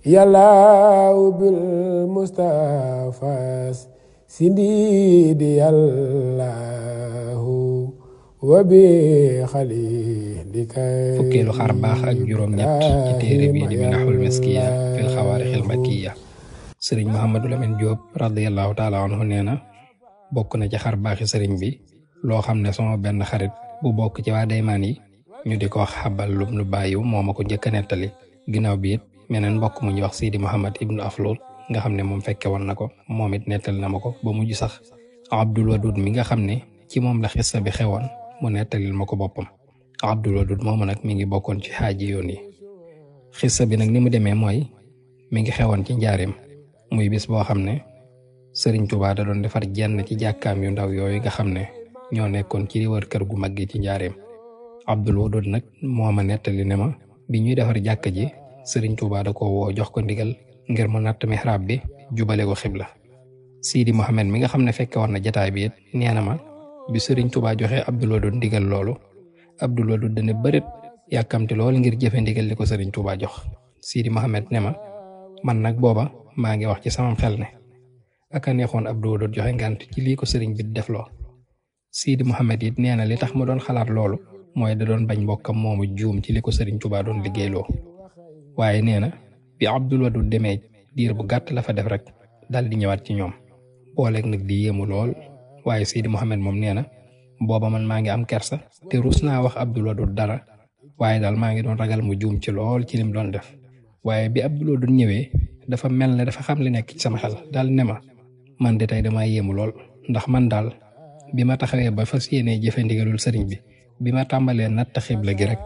yàllaaw bil mustafaas sindiidi yàllaahu wa bi xalilika fukkeelu xar baax ak juróom ñett ci téere bii di minaxul miskiya fil xawaarixil makkiya sëriñ Mouhamadou Lamine Diop radiallahu taala anhu nee na bokk na ci xar baaxi sëriñ bi loo xam ne sama benn xarit bu bokk ci waa daymaan yi ñu di xabal lum lu bàyyiw moo ma ko njëkk a nettali ginnaaw bi menen mbokk mu ñu wax Sidi Muhammad ibnu Aflul nga xamne mom fekke won nako ko netal it na ma sax Abdul Wadud mi nga xamne ci mom la xissa bi xewon mu netalil mako ko Abdul Wadud mom nak mi ngi bokkon ci haji yoni yi xissa bi nak ni mu deme moy mi ngi xewon ci njaareem muy bis bo xamne serigne touba da don defar jenn ci jakam yu ndaw yoy nga xamne ño nekkon ci wër kër gu maggi ci njaareem Abdul Wadud nak moma netali nema, ne ma bi ñuy defar jàkk ji serigne touba da ko wo jox ko ndigal ngir mu natt mihrab bi jubale ko khibla Sidi Muhammad mi nga xamne najat fekke won na jotaay bi neena ma bi serigne touba joxe Abdul Wadud ndigal lolu Abdul Wadud dene beret yakamti lool ngir jefe ndigal liko serigne touba jox Sidi Muhammad ne ma man nak boba ma ngi wax ci samam xel ne ak Abdul Wadud joxe ngant ci lii ko bi def Sidi Muhammad yit neena li tax mu don xalat lolu moy da don bañ mbokkam momu joom ci liko serigne touba don doon waaye nee na bi Abdul Wadud demee diir bu gàtt la fa def rek dal di ñëwaat ci ñoom booleeg nag di yéemu lool waaye Seydi Mouhamed moom nee na booba man maa ngi am kersa te rus naa wax Abdul Wadud dara waaye daal maa ngi doon ragal mu juum ci lool ci lim doon def waaye bi Abdul Wadud ñëwee dafa mel ne dafa xam li nekk ci sama xel daal ne ma man de tey damaa yéemu lool ndax man daal bi ma taxawee ba fas yéenee jëfandigalul ndigalul sëriñ bi bi ma tàmbalee natt la gi rek.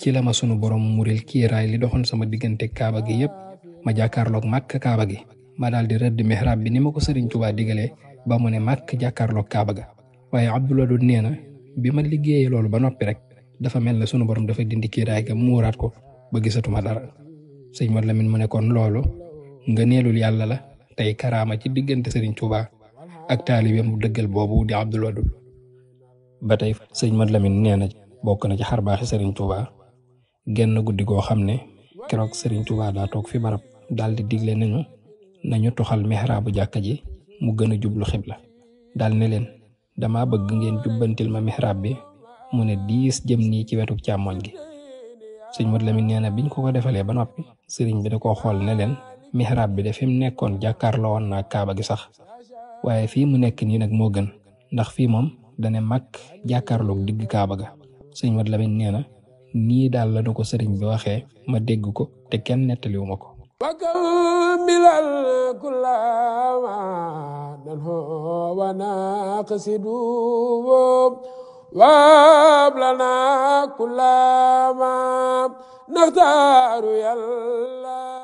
ci la ma sunu borom muril kiiraay li doxoon sama diggante kaaba gi yépp ma jàkkaarloog màkk kaaba gi ma daal di rëdd mihrab bi ni ma ko sëriñ Tuubaa digalee ba mu ne màkk jàkkaarloog kaaba ga waaye Abdul Wadoud nee na bi ma liggéeyee loolu ba noppi rek dafa mel ne sunu borom dafa dindi kiiraay ga muuraat ko ba gisatuma dara sëñ Mor Lamine mu ne kon loolu nga neelul yàlla la tey karaama ci diggante sëriñ Tuubaa ak taalibeem bu dëggal boobu di Abdul Wadoud ba tey sëñ Mor Lamine nee bokk na ci xarbaaxi sëriñ Tuubaa genn guddi goo xam ne keroog Serigne Touba daa toog fi barab daal di digle nañu nañu toxal mihraabu jàkka ji mu gën a jublu xibla daal ne leen dama bëgg ngeen jubbantil ma mihraab bi mu ne diis jëm nii ci wetu càmmoñ gi Sëñ Modou Lamine nee na biñ ko ko defalee ba noppi sëriñ bi da koo xool ne leen mihraab bi de fi mu nekkoon jàkkaarloo woon naa kaaba gi sax waaye fii mu nekk nii nag moo gën ndax fii moom dane mag jàkkaarloog digg kaaba ga Sëñ Lamine nee nii daal la nu ko sëriñ bi waxee ma dégg ko te kenn nettaliwu ma ko bakam bilal kulama dan wa naqsidu waab lana kulama naxtaaru yàlla